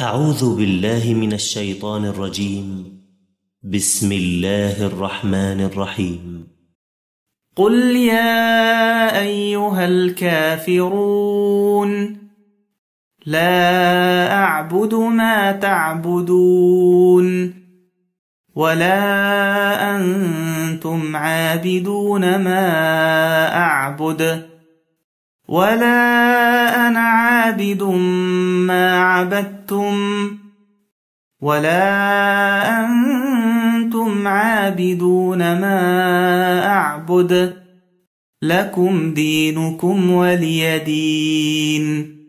أعوذ بالله من الشيطان الرجيم بسم الله الرحمن الرحيم قل يا أيها الكافرون لا أعبد ما تعبدون ولا أنتم عابدون ما أعبد ولا عابد ما عبدتم ولا أنتم عابدون ما أعبد لكم دينكم ولي دين